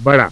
Voilà.